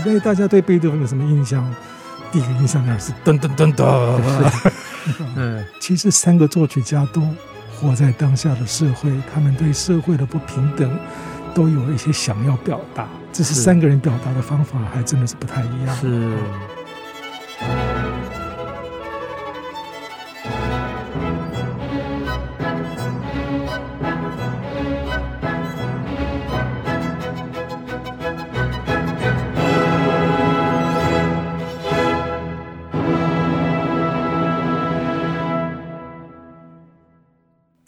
對，大家對貝多芬有什麼印象？第一個印象呢，是噔噔噔噔。嗯， 其實三個作曲家都活在當下的社會，他們對社會的不平等都有一些想要表達。這是三個人表達的方法，還真的是不太一樣。是。嗯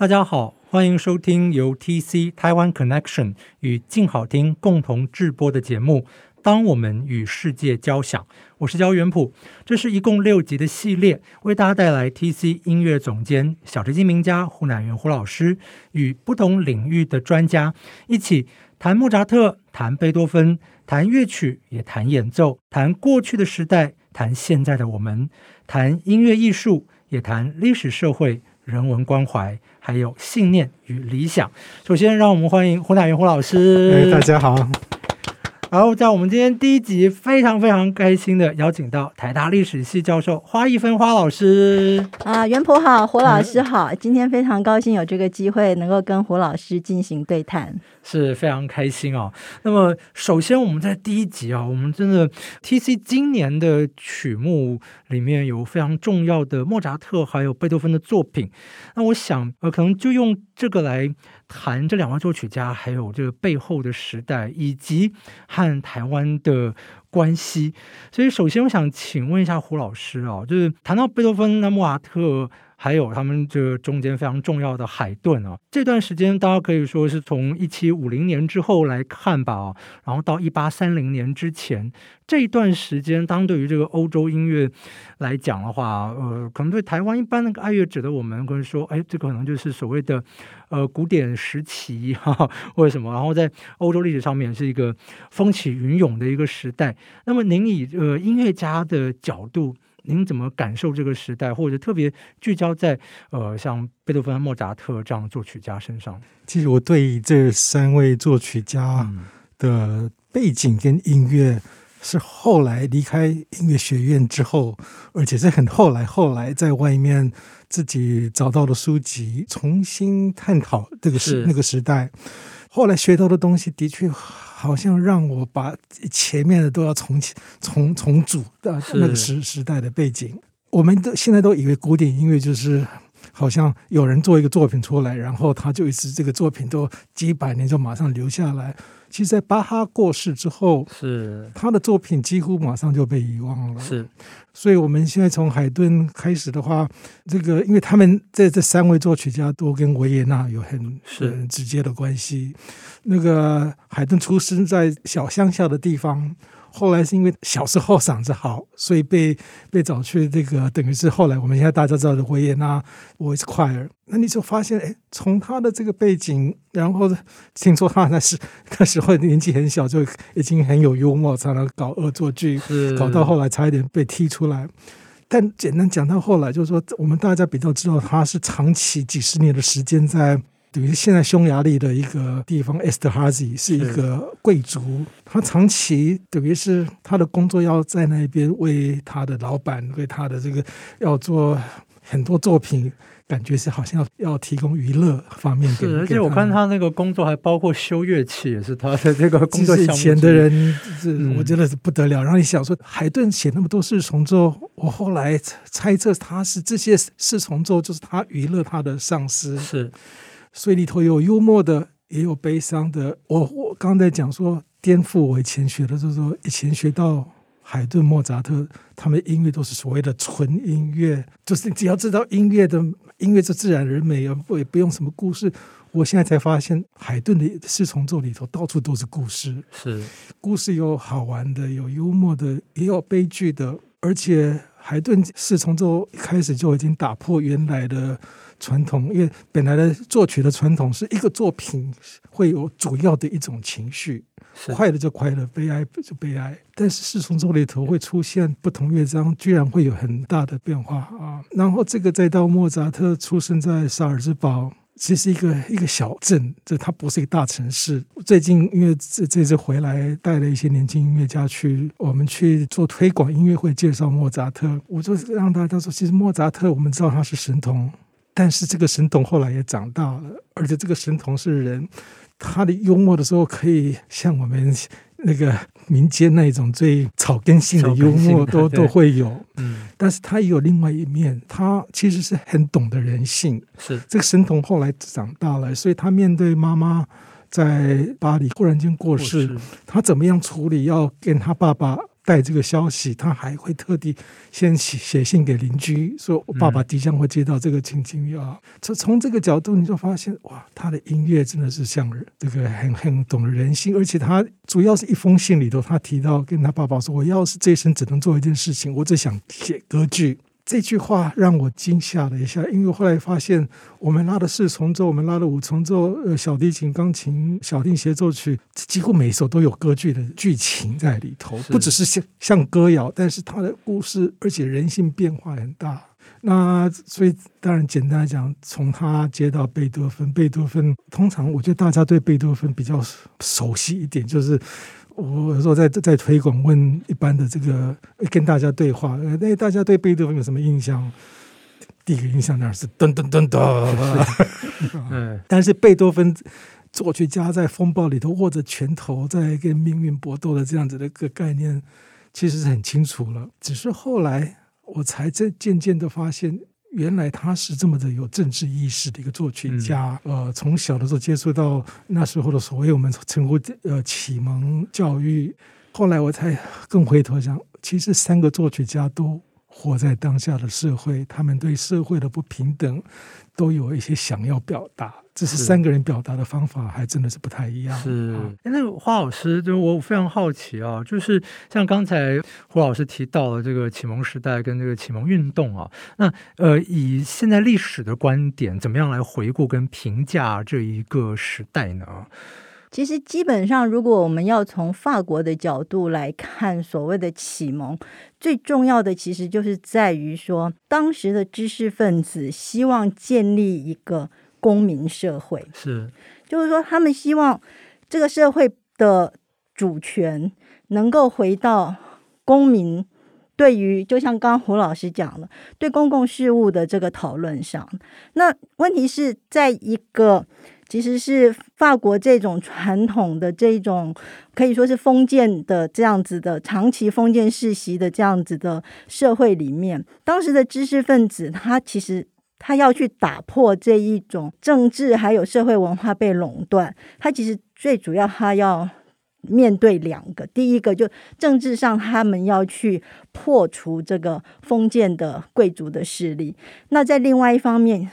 大家好，歡迎收聽由 TC 台灣 Connection 與鏡好聽共同製播的節目《當我們與世界交響》，我是焦元溥。這是一共六集的系列，為大家帶來 TC 音樂總監、小提琴名家胡乃元胡老師與不同領域的專家一起談莫扎特、談貝多芬、談樂曲，也談演奏，談過去的時代，談現在的我們，談音樂藝術，也談歷史社會。人文關懷，還有信念與理想。首先，讓我們歡迎胡乃元胡老師。哎，大家好。然後，在我們今天第一集，非常非常開心的邀請到台大歷史系教授花亦芬花老師啊，袁婆好，胡老師好。嗯，今天非常高興有這個機會能夠跟胡老師進行對談，是非常開心哦。那麼，首先我們在第一集啊，哦，我們真的 TC 今年的曲目裡面有非常重要的莫扎特還有貝多芬的作品，那我想，呃可能就用。這個來談這兩位作曲家，還有這個背後的時代，以及和台灣的關係。所以，首先我想請問一下胡老師啊、哦，就是談到貝多芬、那莫札特。還有他們這個中間非常重要的海頓啊，這段時間大家可以說是從一七五零年之後來看吧，然後到一八三零年之前這段時間，當對於這個歐洲音樂來講的話，呃，可能對台灣一般那個愛樂者的我們會說，哎，這可能就是所謂的呃古典時期哈、啊，或者什麼。然後在歐洲歷史上面是一個風起雲湧的一個時代。那麼您以呃音樂家的角度。您怎麼感受這個時代，或者特別聚焦在呃，像貝多芬、莫扎特這樣的作曲家身上？其實我對這三位作曲家的背景跟音樂，是後來離開音樂學院之後，而且是很後來後來在外面自己找到了書籍，重新探討這個時是那個時代。後來學到的東西的確好像讓我把前面的都要重、重、重組的那個時時代的背景，我們都現在都以為古典音樂就是。好像有人做一個作品出來，然後他就一直這個作品都幾百年就馬上留下來。其實，在巴哈過世之後，是他的作品幾乎馬上就被遺忘了。是，所以我們現在從海頓開始的話，這個因為他們在這三位作曲家都跟維也納有很，很直接的關係。那個海頓出生在小鄉下的地方。後來是因為小時候嗓子好，所以被被找去這個，等於是後來我們現在大家知道的維也納 voice choir。 那你就發現，哎，從他的這個背景，然後聽說他那時那時候年紀很小，就已經很有幽默，常常搞惡作劇，搞到後來差一點被踢出來。但簡單講到後來，就是說我們大家比較知道，他是長期幾十年的時間在。等於現在匈牙利的一個地方，Esterházy 是，是一個貴族，他長期等於，是他的工作要在那邊為他的老板，為他的這個要做很多作品，感覺是好像要要提供娛樂方面。是，而且我看他那個工作還包括修樂器，也是他的這個工作，以前的人，是，我真的是不得了。然後、嗯、你想說，海頓寫那麼多侍從奏，我後來猜測他是這些侍從奏，就是他娛樂他的上司。是。所以裡頭有幽默的，也有悲傷的。我我剛才講說顛覆我以前學的，就是說以前學到海頓、莫扎特，他們音樂都是所謂的純音樂，就是你只要知道音樂的音樂就自然而美，也不也不用什麼故事。我現在才發現，海頓的四重奏裡頭到處都是故事，是故事有好玩的，有幽默的，也有悲劇的。而且海頓四重奏一開始就已經打破原來的傳統，因為本來的作曲的傳統是一個作品會有主要的一種情緒，快樂就快樂，悲哀就悲哀。但是四重奏裡頭會出現不同樂章，居然會有很大的變化啊！然後這個再到莫扎特出生在薩爾茲堡，其實一個一個小鎮，這它不是一個大城市。最近因為這這次回來帶了一些年輕音樂家去，我們去做推廣音樂會，介紹莫扎特。我就讓大家說，其實莫扎特我們知道他是神童。但是這個神童後來也長大了，而且這個神童是人，他的幽默的時候可以像我們那個民間那一種最草根性的幽默都都會有。嗯，但是他也有另外一面，他其實是很懂得人性。是這個神童後來長大了，所以他面對媽媽在巴黎忽然間過世，哦，他怎麼樣處理？要跟他爸爸。帶這個消息，他還會特地先寫寫信給鄰居，說：“我爸爸即將會接到這個請柬。”嗯，啊，從從這個角度，你就發現哇，他的音樂真的是像這個很很懂人心，而且他主要是一封信裡頭，他提到跟他爸爸說：“我要是這一生只能做一件事情，我只想寫歌劇。”這句話讓我驚嚇了一下，因為後來發現我們拉了四重奏，我們拉了五重奏，呃，小提琴、鋼琴、小提琴協奏曲，幾乎每一首都有歌劇的劇情在裡頭，不只是像像歌謠，但是它的故事，而且人性變化很大。那所以當然簡單來講，從他接到貝多芬，貝多芬通常我覺得大家對貝多芬比較熟悉一點，就是。我說在在推廣，問一般的這個跟大家對話，那大家對貝多芬有什麼印象？第一個印象那是噔噔噔噔， 但是貝多芬作曲家在風暴裡頭握着拳頭在跟命運搏鬥的這樣子的一個概念，其實是很清楚了。只是後來我才在漸漸的發現。原來他是這麼的有政治意識的一個作曲家，呃，從小的時候接觸到那時候的所謂我們稱呼呃啟蒙教育，後來我才更回頭想，其實三個作曲家都活在當下的社會，他們對社會的不平等都有一些想要表達。這是三個人表達的方法，還真的是不太一樣。是，那、嗯、花老師，就我非常好奇啊，就是像剛才胡老師提到的這個啟蒙時代跟這個啟蒙運動啊，那呃，以現在歷史的觀點，怎麼樣來回顧跟評價這一個時代呢？啊，其實基本上，如果我們要從法國的角度來看所謂的啟蒙，最重要的其實就是在於說，當時的知識分子希望建立一個。公民社會是，就是說，他們希望這個社會的主權能夠回到公民對於，就像剛剛胡老師講了，對公共事務的這個討論上。那問題是在一個其實是法國這種傳統的這種可以說是封建的這樣子的長期封建世襲的這樣子的社會裡面，當時的知識分子他其實。他要去打破這一種政治還有社會文化被壟斷，他其實最主要他要面對兩個，第一個就政治上他們要去破除這個封建的貴族的勢力，那在另外一方面，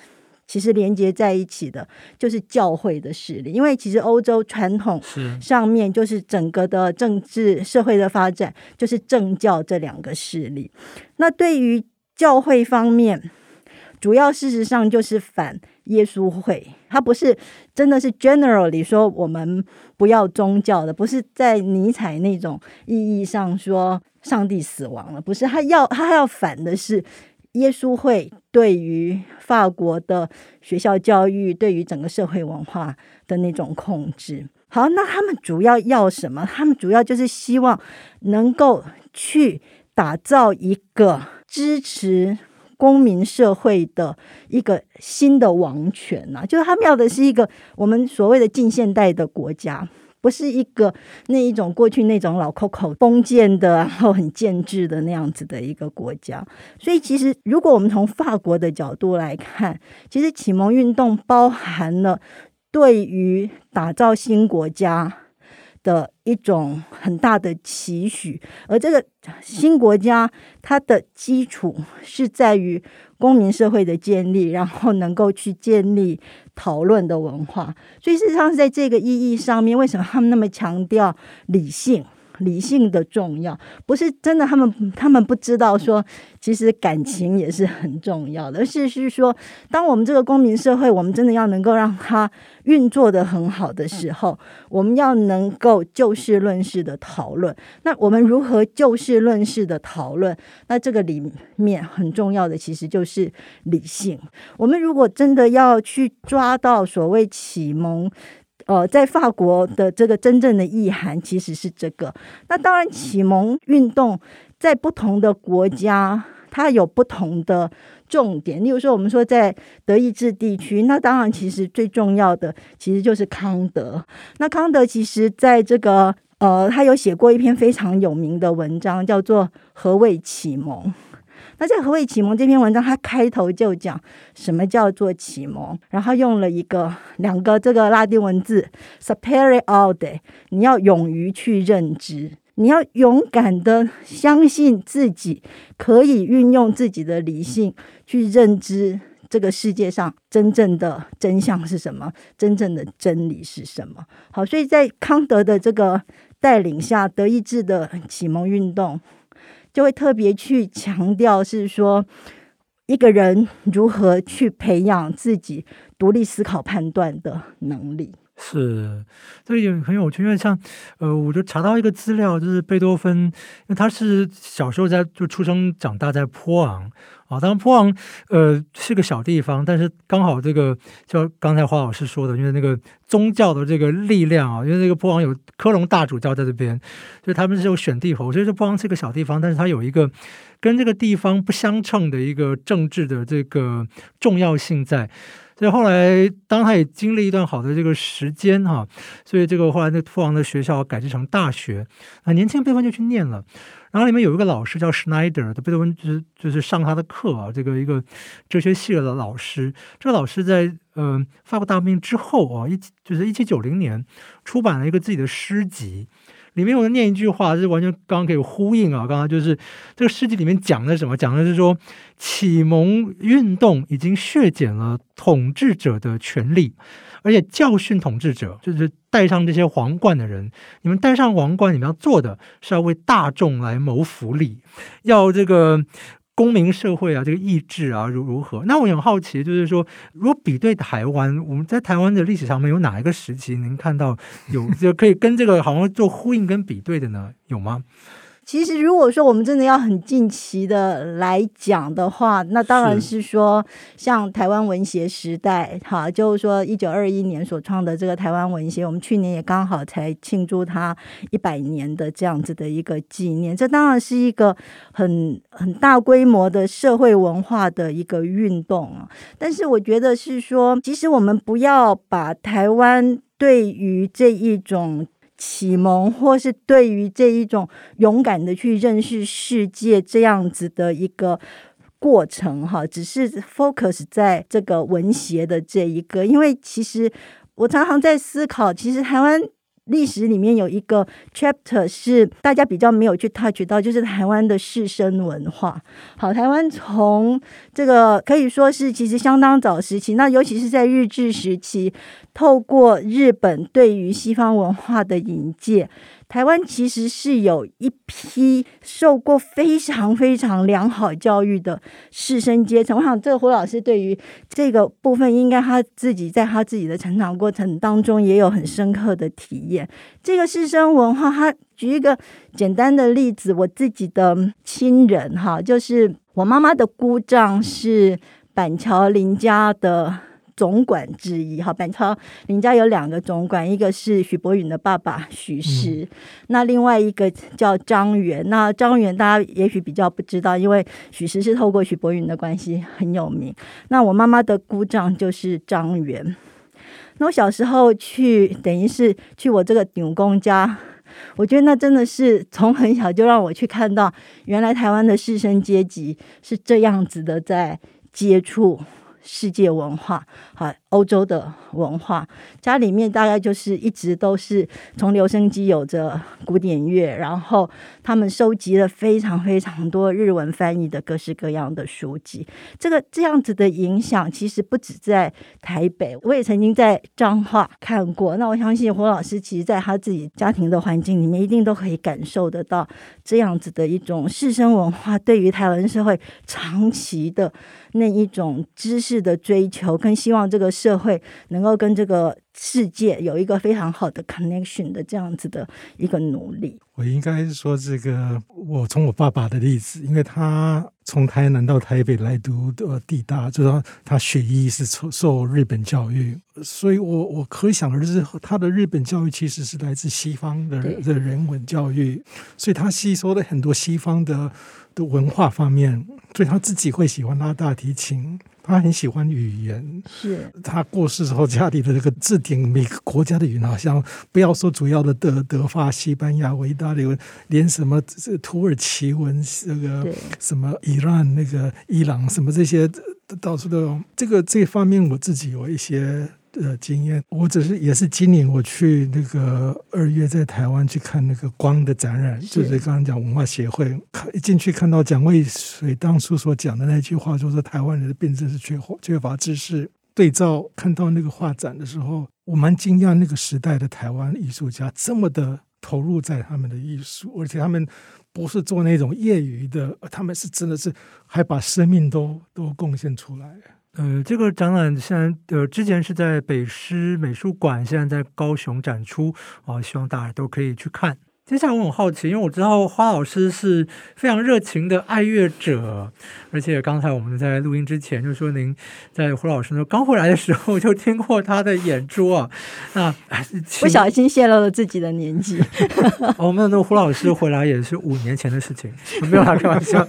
其實連接在一起的就是教會的勢力，因為其實歐洲傳統上面就是整個的政治社會的發展就是政教這兩個勢力，那對於教會方面。主要事實上就是反耶穌會，他不是真的是 generally 說我們不要宗教的，不是在尼采那種意義上說上帝死亡了，不是他要他要反的是耶穌會對於法國的學校教育、對於整個社會文化的那種控制。好，那他們主要要什麼？他們主要就是希望能夠去打造一個支持。公民社會的一個新的王權吶、啊，就是他們要的是一個我們所謂的近現代的國家，不是一個那一種過去那種老扣扣封建的，然後很建制的那樣子的一個國家。所以，其實如果我們從法國的角度來看，其實啟蒙運動包含了對於打造新國家的一種很大的期許，而這個新國家它的基礎是在於公民社會的建立，然後能夠去建立討論的文化。所以事實上是在這個意義上面，為什麼他們那麼強調理性？理性的重要，不是真的，他們他們不知道說，其實感情也是很重要的。而、就是是說，當我們這個公民社會，我們真的要能夠讓它運作得很好的時候，我們要能夠就事論事的討論。那我們如何就事論事的討論？那這個裡面很重要的，其實就是理性。我們如果真的要去抓到所謂啟蒙。哦、呃，在法國的這個真正的意涵其實是這個。那當然，啟蒙運動在不同的國家，它有不同的重點。例如說，我們說在德意志地區，那當然其實最重要的其實就是康德。那康德其實在這個呃，他有寫過一篇非常有名的文章，叫做《何謂啟蒙》。那在《何謂啟蒙》這篇文章，他開頭就講什麼叫做啟蒙，然後用了一個兩個這個拉丁文字 “Sapere aude”，你要勇於去認知，你要勇敢的相信自己，可以運用自己的理性去認知這個世界上真正的真相是什麼，真正的真理是什麼。好，所以在康德的這個帶領下，德意志的啟蒙運動就會特別去強調，是說一個人如何去培養自己獨立思考、判斷的能力。是，所以也很有趣，因為像，呃，我就查到一個資料，就是貝多芬，因為他是小時候在就出生長大在波昂，啊，當然波昂，呃，是個小地方，但是剛好這個，就剛才花老師說的，因為那個宗教的這個力量啊，因為那個波昂有科隆大主教在這邊，所以他們是有選帝侯。所以波昂是個小地方，但是他有一個跟這個地方不相稱的一個政治的這個重要性在。所以後來，當他也經歷一段好的這個時間哈、啊，所以這個後來那托王的學校改制成大學，啊，年輕貝多芬就去念了。然後裡面有一個老師叫施耐德，貝多芬就是就是上他的課，啊。這個一個哲學系的老師。這個老師在嗯、呃、法國大革命之後啊，一就是一七九零年出版了一個自己的詩集。裡面我念一句話，就是完全剛剛可以呼應啊，剛剛就是這個詩集裡面講的是什麼？講的是說，啟蒙運動已經削減了統治者的權力，而且教訓統治者，就是戴上這些皇冠的人，你們戴上皇冠，你們要做的，是要為大眾來謀福利，要這個。公民社會啊，這個意志啊，如如何？那我很好奇，就是說，如果比對台灣，我們在台灣的歷史上面有哪一個時期能看到有就可以跟這個好像做呼應跟比對的呢？有嗎？其實，如果說我們真的要很近期的來講的話，那當然是說，像台灣文學時代，哈，就是說一九二一年所創的這個台灣文學，我們去年也剛好才慶祝它一百年的這樣子的一個紀念，這當然是一個很很大規模的社會文化的一個運動啊。但是，我覺得是說，其實我們不要把台灣對於這一種。啟蒙，或是對於這一種勇敢的去認識世界這樣子的一個過程，哈，只是 focus 在這個文學的這一個，因為其實我常常在思考，其實台灣。歷史裡面有一個 chapter 是大家比較沒有去 touch 到，就是台灣的士紳文化。好，台灣從這個可以說是其實相當早時期，那尤其是在日治時期，透過日本對於西方文化的引介。台灣其實是有一批受過非常非常良好教育的士紳階層，我想這個胡老師對於這個部分，應該他自己在他自己的成長過程當中也有很深刻的體驗。這個士紳文化，他舉一個簡單的例子，我自己的親人哈，就是我媽媽的姑丈是板橋林家的。總管之一好,好，板橋林家有兩個總管，一個是許博允的爸爸許師、嗯、那另外一個叫張元。那張元大家也許比較不知道，因為許師是透過許博允的關係很有名。那我媽媽的姑丈就是張元。那我小時候去，等於是去我這個姑公家，我覺得那真的是從很小就讓我去看到，原來台灣的士紳階級是這樣子的在接觸。世界文化，好，歐洲的文化，家裡面大概就是一直都是從留聲機有着古典樂，然後他們收集了非常非常多日文翻譯的各式各樣的書籍。這個這樣子的影響，其實不止在台北，我也曾經在彰化看過。那我相信胡老師其實在他自己家庭的環境裡面，一定都可以感受得到這樣子的一種士紳文化對於台灣社會長期的。那一種知識的追求，更希望這個社會能夠跟這個世界有一個非常好的 connection 的這樣子的一個努力。我應該說這個，我從我爸爸的例子，因為他從台南到台北來讀的地大，就說他學醫是受受日本教育，所以我我可想而知他的日本教育其實是來自西方的的人文教育，所以他吸收了很多西方的的文化方面，所以他自己會喜歡拉大提琴。他很喜歡語言，是、yeah. 他過世之後，家裡的那個字典，每個國家的語言好像，像不要說主要的德德法、西班牙、義大利文，連什麼這個、土耳其文，這個什麼伊朗那個伊朗，什麼這些到處都有。這個這個、方面，我自己有一些的經驗，我只是也是今年我去那個二月在台灣去看那個光的展覽，是就是剛剛講文化協會，看一進去看到蔣渭水當初所講的那句話，就是台灣人的病症是缺缺乏知識，對照看到那個畫展的時候，我蠻驚訝那個時代的台灣藝術家這麼的投入在他們的藝術，而且他們不是做那種業餘的，他們是真的是還把生命都都貢獻出來。呃，這個展覽現在呃之前是在北師美術館，現在在高雄展出啊，希望大家都可以去看。接下來我很好奇，因為我知道花老師是非常熱情的愛樂者，而且剛才我們在錄音之前就說您在胡老師剛回來的時候就聽過他的演出。啊，那不小心洩露了自己的年紀。我 們、哦、那胡老師回來也是五年前的事情，我 沒有開玩笑。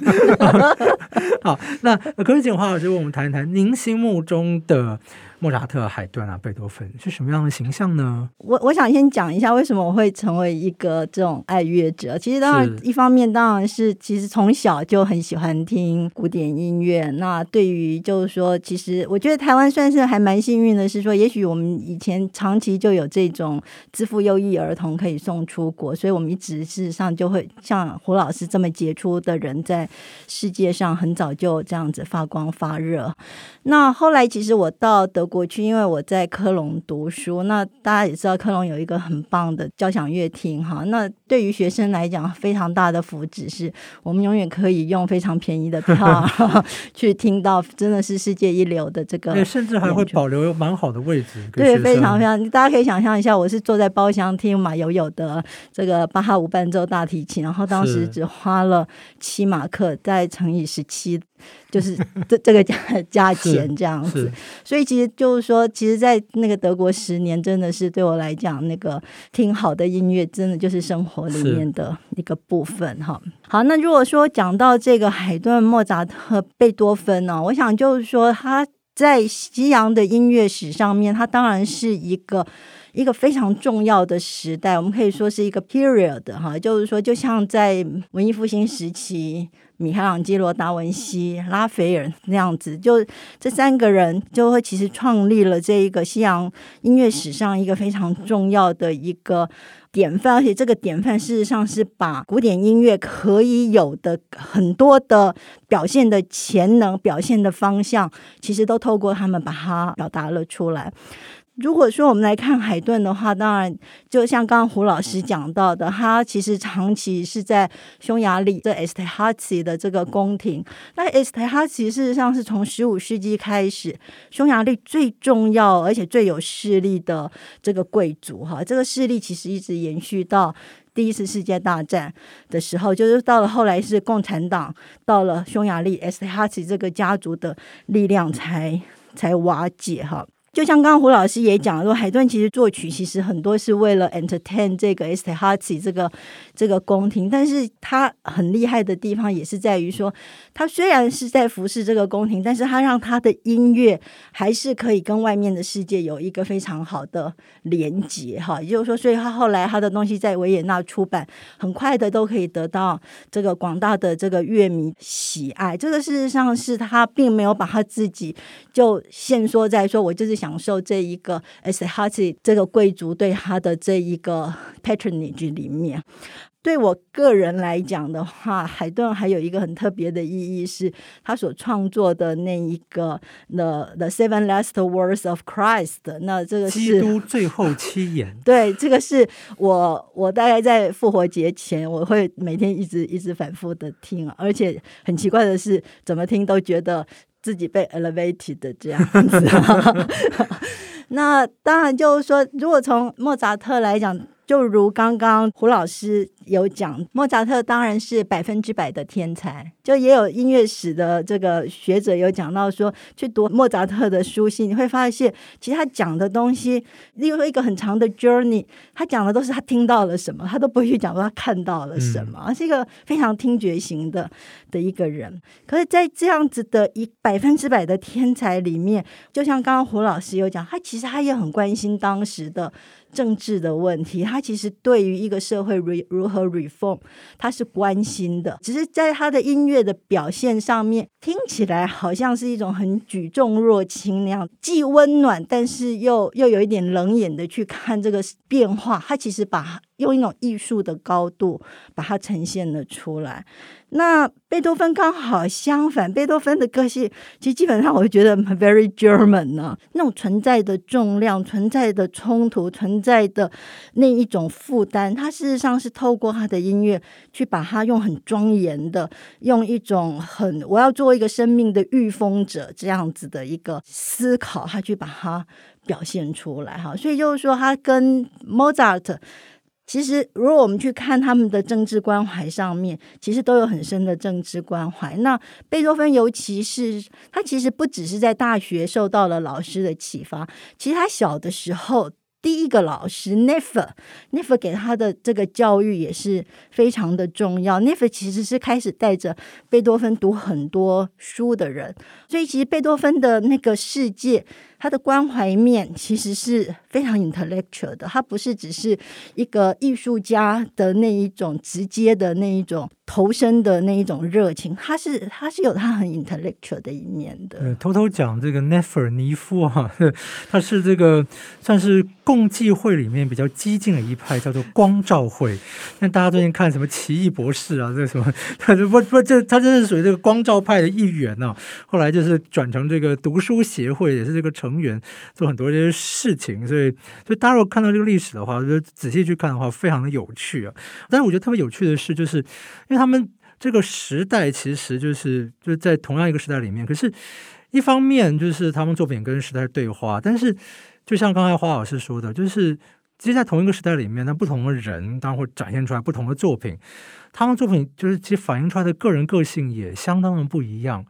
好，那可以請花老師為我們談一談您心目中的。莫扎特、海頓啊，貝多芬是什麼樣的形象呢？我我想先講一下為什麼我會成為一個這種愛樂者。其實當然一方面當然是，是其實從小就很喜歡聽古典音樂。那對於就是說，其實我覺得台灣算是還蠻幸運的，是說也許我們以前長期就有這種資賦優異兒童可以送出國，所以我們一直事實上就會像胡老師這麼傑出的人，在世界上很早就這樣子發光發熱。那後來其實我到德。過去，因為我在科隆讀書，那大家也知道科隆有一個很棒的交響樂廳哈。那對於學生來講，非常大的福祉是我們永遠可以用非常便宜的票 去聽到，真的是世界一流的這個、哎，甚至還會保留蠻好的位置。對，非常非常，大家可以想象一下，我是坐在包廂聽馬友友的這個巴哈無伴奏大提琴，然後當時只花了七馬克，再乘以十七。就是這這個價價錢這樣子， 所以其實就是說，其實，在那個德國十年，真的是對我來講，那個聽好的音樂，真的就是生活裡面的一個部分哈。好，那如果說講到這個海頓、莫扎特、貝多芬呢、哦，我想就是說，他在西洋的音樂史上面，他當然是一個一個非常重要的時代，我們可以說是一個 period 的哈，就是說，就像在文藝復興時期。米開朗基羅、達文西、拉斐爾那樣子，就這三個人，就會其實創立了這一個西洋音樂史上一個非常重要的一個典範，而且這個典範事實上是把古典音樂可以有的很多的表現的潛能、表現的方向，其實都透過他們把它表達了出來。如果說我們來看海頓的話，當然就像剛剛胡老師講到的，他其實長期是在匈牙利的埃斯特哈奇的這個宮廷。那埃斯特哈奇事實上是從十五世紀開始，匈牙利最重要而且最有勢力的這個貴族哈，這個勢力其實一直延續到第一次世界大戰的時候，就是到了後來是共產黨，到了匈牙利埃斯特哈奇這個家族的力量才才瓦解哈。就像剛剛胡老師也講了說，海頓其實作曲其實很多是為了 entertain 這個 Esterházy 這個這個宮廷，但是他很厲害的地方也是在於說，他雖然是在服侍這個宮廷，但是他讓他的音樂還是可以跟外面的世界有一個非常好的連接哈，也就是說，所以他後來他的東西在維也納出版，很快的都可以得到這個廣大的這個樂迷喜愛，這個事實上是他並沒有把他自己就限縮在說，我就是。享受這一個，而且他這個貴族對他的這一個 patronage 裡面，對我個人來講的話，海頓還有一個很特別的意義是，他所創作的那一個 The The Seven Last Words of Christ，那這個是基督最後七言， 對，這個是我我大概在復活節前，我會每天一直一直反覆的聽啊，而且很奇怪的是，怎麼聽都覺得。自己被 elevated 的這樣子 那當然就是說，如果從莫扎特來講，就如剛剛胡老師。有講莫扎特當然是百分之百的天才，就也有音樂史的這個學者有講到說，去讀莫扎特的書信，你會發現其實他講的東西，例如說一個很長的 journey，他講的都是他聽到了什麼，他都不會去講說他看到了什麼、嗯，是一個非常聽覺型的的一個人。可是，在這樣子的一百分之百的天才裡面，就像剛剛胡老師有講，他其實他也很關心當時的政治的問題，他其實對於一個社會如如和 reform，他是關心的，只是在他的音樂的表現上面，聽起來好像是一種很舉重若輕那樣，既溫暖，但是又又有一點冷眼的去看這個變化。他其實把。用一種藝術的高度把它呈現了出來。那貝多芬剛好相反，貝多芬的個性其實基本上，我覺得 very German 呢、啊，那種存在的重量、存在的衝突、存在的那一種負擔，他事實上是透過他的音樂去把它用很莊嚴的，用一種很我要做一個生命的御風者這樣子的一個思考，他去把它表現出來哈。所以就是說，他跟 Mozart。其實，如果我們去看他們的政治關懷上面，其實都有很深的政治關懷。那貝多芬，尤其是他，其實不只是在大學受到了老師的啟發，其實他小的時候。第一個老師 Neff，Neff 給他的這個教育，也是非常的重要。Neff 其實是開始帶着貝多芬讀很多書的人，所以其實貝多芬的那個世界，他的關懷面其實是非常 intellectual 的，他不是只是一個藝術家的那一種，直接的那一種，投身的那一種熱情，他是他是有他很 intellectual 的一面的。偷偷講這個 Nefer 尼夫哈，他是這個算是共濟會裡面比較激進的一派，叫做光照會。那大家最近看什麼奇異博士啊， 這什麼，不不這他就不不這他這是屬於這個光照派的一員呢、啊。後來就是轉成這個讀書協會也是這個成員，做很多這些事情。所以就大家如果看到這個歷史的話，就仔細去看的話，非常的有趣、啊。但是我覺得特別有趣的是，就是因為他。他們這個時代其實就是，就是在同樣一個時代裡面，可是，一方面就是他們作品跟時代對話，但是就像剛才花老師說的，就是其實，在同一個時代裡面，那不同的人當然會展現出來不同的作品，他們作品就是其實反映出來的個人個性也相當的不一樣。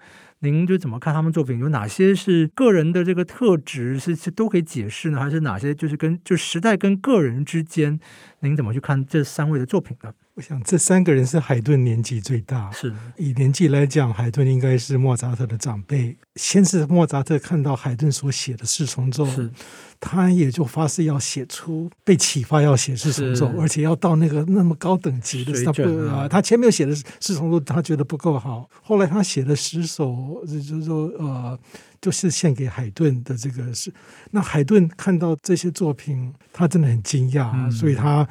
您就怎麼看他們作品？有哪些是個人的這個特質是是都可以解釋呢？還是哪些就是跟就時代跟個人之間？您怎麼去看這三位的作品呢？我想這三個人是海頓年紀最大，是。以年紀來講，海頓應該是莫扎特的長輩。先是莫扎特看到海頓所寫的四重奏，他也就發誓要寫出被啟發要寫四重奏，而且要到那個那麼高等級的不、啊啊。他前面寫的四重奏他覺得不夠好，後來他寫了十首。就是說，呃，就是獻給海頓的這個是，那海頓看到這些作品，他真的很驚訝，嗯、所以他、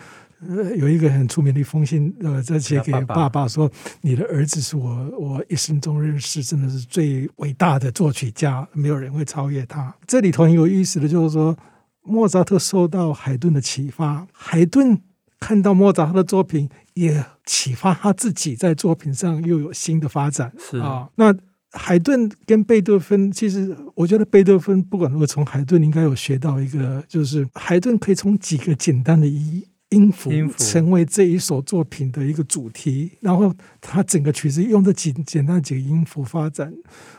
呃、有一個很出名的一封信，呃，在寫給爸爸說爸爸：“你的兒子是我，我一生中認識，真的是最偉大的作曲家，嗯、沒有人會超越他。”這裡頭很有意思的就是說，莫扎特受到海頓的啟發，海頓看到莫扎特的作品，也啟發他自己在作品上又有新的發展，是啊、呃，那。海頓跟貝多芬，其實我覺得貝多芬不管如果從海頓應該有學到一個，就是海頓可以從幾個簡單的音音符成為這一首作品的一個主題，然後他整個曲子用的幾簡單幾個音符發展。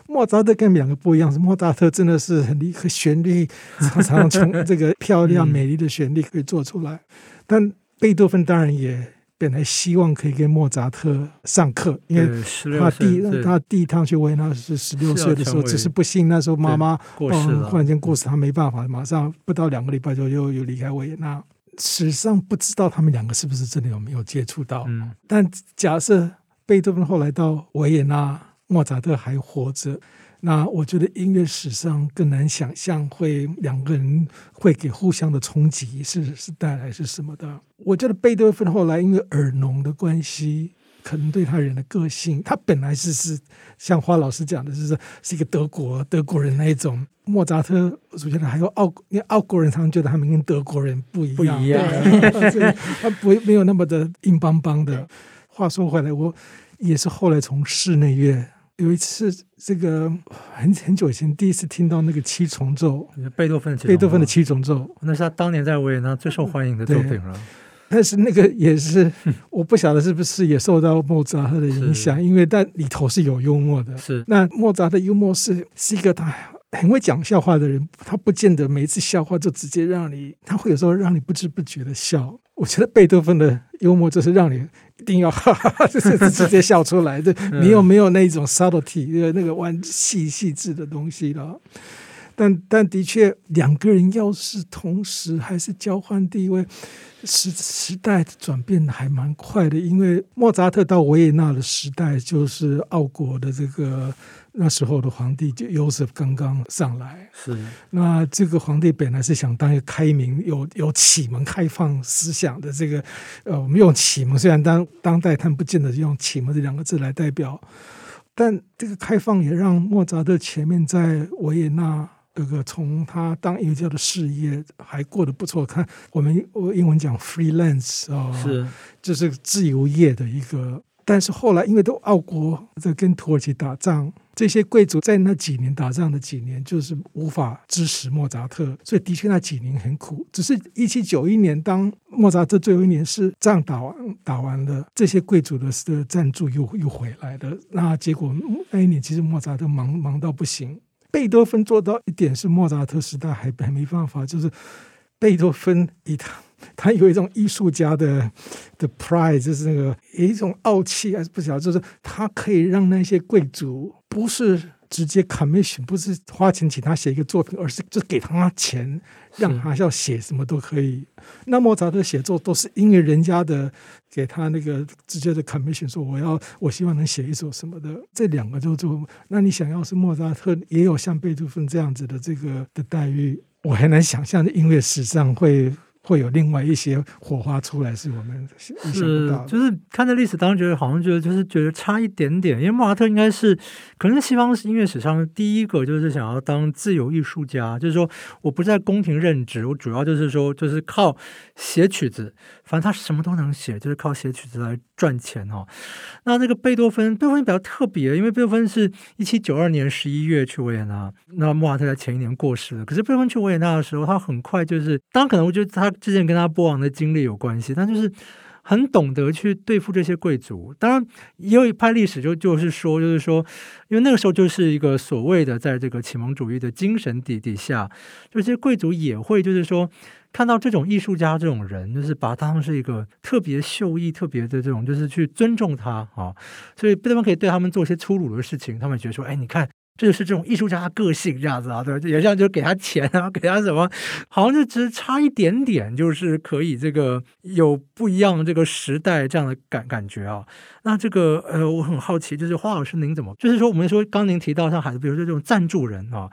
莫扎特跟兩個不一樣，莫扎特真的是很一個旋律，常常從這個漂亮美麗的旋律可以做出來， 嗯、但貝多芬當然也。本來希望可以跟莫扎特上課，因為他第他第一趟去維也納是十六歲的時候，是只是不幸那時候媽媽忽然間過世，他沒辦法，馬上不到兩個禮拜就又又離開維也納。史上不知道他們兩個是不是真的有沒有接觸到、嗯，但假設貝多芬後來到維也納，莫扎特還活着。那我覺得音樂史上更難想象會兩個人會給互相的衝擊是是帶來是什麼的。我覺得貝多芬後來因為耳聾的關係，可能對他人的個性，他本來是是像花老師講的，就是是一個德國德國人那一種。莫扎特，我覺得還有奧，那奧國人常常覺得他們跟德國人不一樣，不一樣，啊、 他不會沒有那麼的硬邦邦的。話說回來，我也是後來從室內樂。有一次，這個很很久以前，第一次聽到那個七重奏，貝多芬貝多芬的七重奏，那是他當年在維也納最受歡迎的作品了。但是那個也是，我不曉得是不是也受到莫扎特的影響，因為但裡頭是有幽默的。是那莫扎特的幽默是是一個他很會講笑話的人，他不見得每一次笑話就直接讓你，他會有時候讓你不知不覺的笑。我覺得貝多芬的幽默就是讓你。嗯一定要直接笑出來，這你有沒有那種 subtlety，那個玩細細緻的東西了？但但的確，兩個人要是同時還是交換地位，時時代轉變還蠻快的。因為莫扎特到維也納的時代，就是奧國的這個。那時候的皇帝就 Joseph 剛剛上來，是那這個皇帝本來是想當一個開明、有有啟蒙、開放思想的這個，呃，我們用啟蒙雖然當當代他們不見得用啟蒙這兩個字來代表，但這個開放也讓莫扎特前面在維也納這個從他當一個叫的事業還過得不錯，看我們我英文講 freelance 啊、哦，是就是自由業的一個，但是後來因為都奧國在跟土耳其打仗，這些貴族在那幾年打仗的幾年，就是無法支持莫扎特，所以的確那幾年很苦。只是一七九一年，當莫扎特最後一年是仗打完打完了，這些貴族的的贊助又又回來的。那結果那一年其實莫扎特忙忙到不行。貝多芬做到一點是莫扎特時代還還沒辦法，就是貝多芬以他他有一種藝術家的的 pride，就是那個有一種傲氣，還是不曉得，就是他可以讓那些貴族。不是直接 commission，不是花錢請他寫一個作品，而是就給他錢，讓他要寫什麼都可以。那莫扎特寫作都是因為人家的給他那個直接的 commission，說我要我希望能寫一首什麼的。這兩個就就，那你想要是莫扎特也有像貝多芬這樣子的這個的待遇，我很難想象在音樂史上會。會有另外一些火花出來，是我們的是就是看着歷史當中，覺得好像覺得就是覺得差一點點。因為莫扎特應該是可能西方音樂史上第一個就是想要當自由藝術家，就是說我不在宮廷任職，我主要就是說就是靠寫曲子，反正他什麼都能寫，就是靠寫曲子來賺錢哦。那這個貝多芬，貝多芬比較特別，因為貝多芬是1792年11月去維也納，那莫扎特在前一年過世了。可是貝多芬去維也納的時候，他很快就是，當然可能我覺得他。之前跟他波王的經歷有關係，他就是很懂得去對付這些貴族。當然，因為一派歷史就就是說，就是說，因為那個時候就是一個所謂的在這個啟蒙主義的精神底底下，就是這些貴族也會就是說看到這種藝術家這種人，就是把他們是一個特別秀逸、特別的這種，就是去尊重他啊，所以不怎麼可以對他們做一些粗魯的事情，他們覺得說，哎，你看。這就是這種藝術家的個性，這樣子啊，對吧，也像就是給他錢啊，給他什麼，好像就只是差一點點，就是可以這個有不一樣的這個時代這樣的感感覺啊。那這個呃，我很好奇，就是花老師您怎麼，就是說我們說剛您提到像孩子，比如說這種贊助人啊、哦，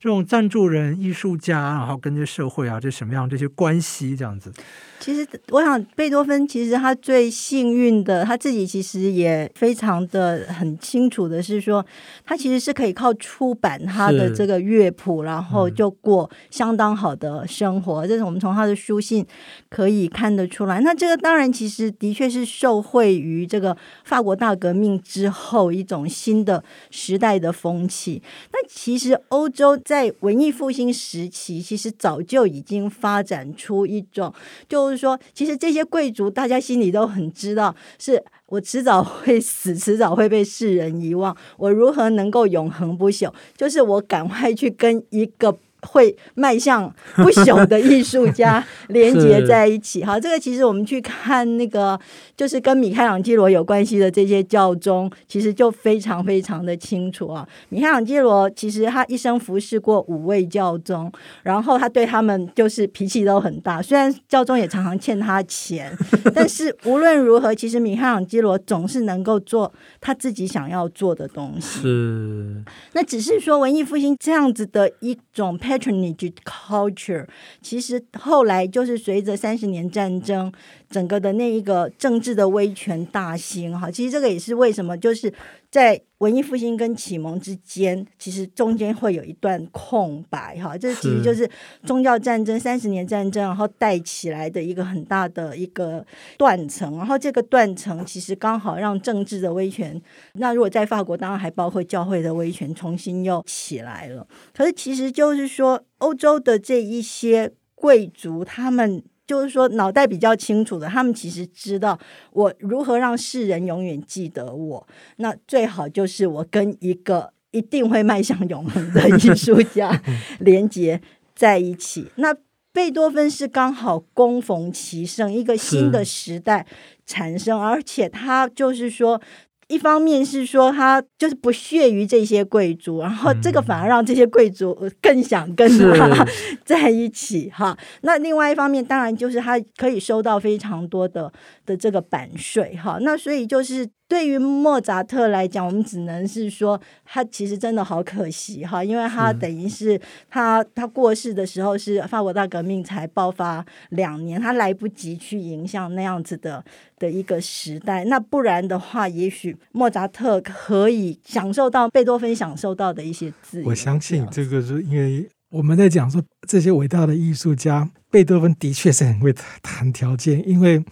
這種贊助人、藝術家，然後跟這社會啊，這什麼樣這些關係這樣子。其實我想，貝多芬其實他最幸運的，他自己其實也非常的很清楚的是說，他其實是可以靠出版他的這個樂譜，然後就過相當好的生活、嗯，這是我們從他的書信可以看得出來。那這個當然，其實的確是受惠於這個。法國大革命之後，一種新的時代的風氣。那其實歐洲在文藝復興時期，其實早就已經發展出一種，就是說，其實這些貴族，大家心裡都很知道，是我遲早會死，遲早會被世人遺忘。我如何能夠永恆不朽？就是我趕快去跟一個。會邁向不朽的藝術家連接在一起，哈， 這個其實我們去看那個，就是跟米開朗基羅有關係的這些教宗，其實就非常非常的清楚啊。米開朗基羅其實他一生服侍過五位教宗，然後他對他們就是脾氣都很大，雖然教宗也常常欠他錢， 但是無論如何，其實米開朗基羅總是能夠做他自己想要做的東西。那只是說文藝復興這樣子的一種配。patronage culture，其實後來就是隨着三十年戰爭，整個的那一個政治的威權大興哈，其實這個也是為什麼就是在。文藝復興跟啟蒙之間，其實中間會有一段空白哈，這其實就是宗教戰爭、三十年戰爭，然後帶起來的一個很大的一個斷層，然後這個斷層其實剛好讓政治的威權，那如果在法國，當然還包括教會的威權重新又起來了。可是其實就是說，歐洲的這一些貴族他們。就是說，腦袋比較清楚的，他們其實知道我如何讓世人永遠記得我。那最好就是我跟一個一定會邁向永恆的藝術家連接在一起。 那貝多芬是剛好恭逢其盛，一個新的時代產生，而且他就是說。一方面是說他就是不屑於這些貴族，然後這個反而讓這些貴族更想跟他在一起哈。那另外一方面，當然就是他可以收到非常多的的這個版稅哈。那所以就是。對於莫扎特來講，我們只能是說，他其實真的好可惜哈，因為他等於是他他過世的時候是法國大革命才爆發兩年，他來不及去迎向那樣子的的一個時代。那不然的話，也許莫扎特可以享受到貝多芬享受到的一些自由。我相信這個是因為我們在講說這些偉大的藝術家，貝多芬的確是很會談條件，因為。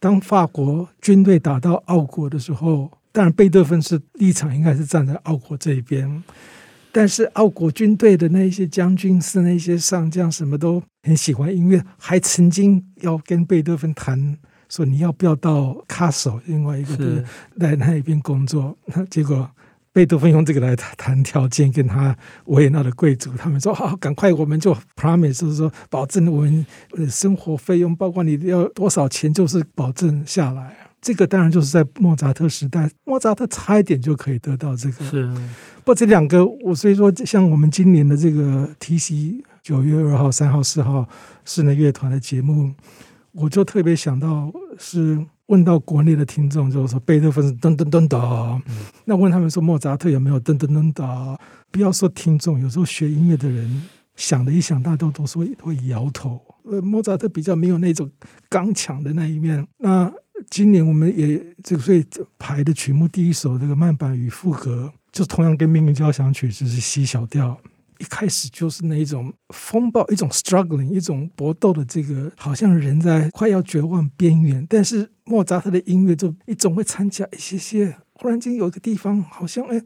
當法國軍隊打到奧國的時候，當然貝多芬是立場應該是站在奧國這一邊，但是奧國軍隊的那一些將軍是那些上將，什麼都很喜歡音樂，還曾經要跟貝多芬談說，你要不要到卡首，另外一個在那一邊工作，結果。貝多芬用這個來談條件，跟他維也納的貴族，他們說：“好，趕快我們就 promise，就是說保證我們呃生活費用，包括你要多少錢，就是保證下來。”這個當然就是在莫扎特時代，莫扎特差一點就可以得到這個。是，不過這兩個我所以說，像我們今年的這個 T.C. 九月二號、三號、四號室內樂團的節目，我就特別想到是。問到國內的聽眾，就是說貝多芬是噔噔噔的。那問他們說，莫扎特有沒有噔噔噔的？不要說聽眾，有時候學音樂的人想了一想大，大多都說都會搖頭。呃，莫扎特比較沒有那種剛強的那一面。那今年我們也這個所以排的曲目第一首這個慢板與賦格，就同樣跟命運交響曲，就是 C 小調。一開始就是那一種風暴，一種 struggling，一種搏鬥的這個，好像人在快要絕望邊緣。但是莫扎特的音樂就一種會摻加一些些，忽然間有一個地方好像哎，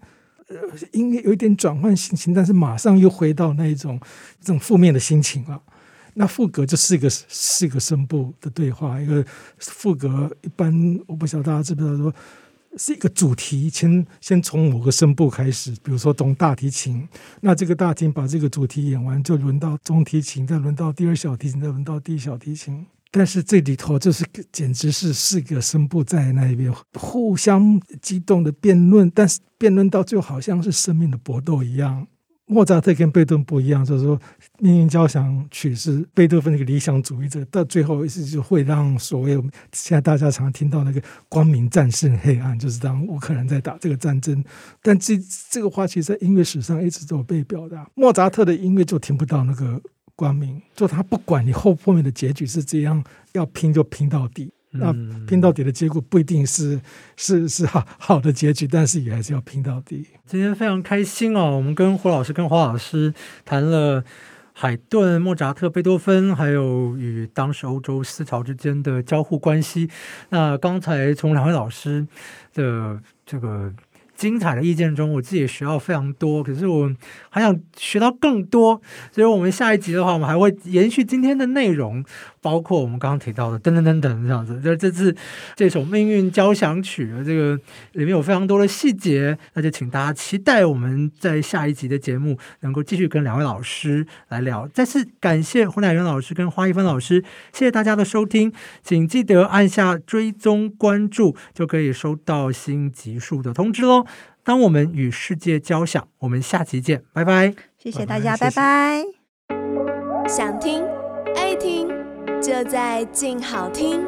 音樂有一點轉換心情，但是馬上又回到那一種這種負面的心情了。那賦格就是四個四個聲部的對話，一個賦格一般，我不曉得大家知不知道說。是一個主題，先先從某個聲部開始，比如說從大提琴，那這個大提琴把這個主題演完，就輪到中提琴，再輪到第二小提琴，再輪到第一小提琴。但是這裡頭就是，簡直是四個聲部在那一邊互相激動的辯論，但是辯論到最後，好像是生命的搏鬥一樣。莫扎特跟貝多芬不一樣，就是說，《命運交響曲》是貝多芬那個理想主義者，到最後一次就會讓所謂現在大家常常聽到那個“光明戰勝黑暗”。就是當烏克蘭在打這個戰爭，但這這個話其實，在音樂史上一直都有被表達。莫扎特的音樂就聽不到那個光明，就他不管你後後面的結局是怎樣，要拼就拼到底。那拼到底的結果不一定是、嗯、是是，是好好的結局，但是也還是要拼到底。今天非常開心哦，我們跟胡老師、跟花老師談了海頓、莫扎特、貝多芬，還有與當時歐洲思潮之間的交互關係。那剛才從兩位老師的這個精彩的意見中，我自己也學到非常多。可是我還想學到更多，所以我們下一集的話，我們還會延續今天的內容。包括我們剛剛提到的噔噔噔噔，這樣子，那這次這首《命運交響曲》的這個裡面有非常多的細節，那就請大家期待我們在下一集的節目能夠繼續跟兩位老師來聊。再次感謝胡乃元老師跟花亦芬老師，謝謝大家的收聽，請記得按下追蹤關注，就可以收到新集數的通知嘍。當我們與世界交響，我們下期見，拜拜！謝謝大家，拜拜！拜拜。想聽愛聽就在鏡好聽。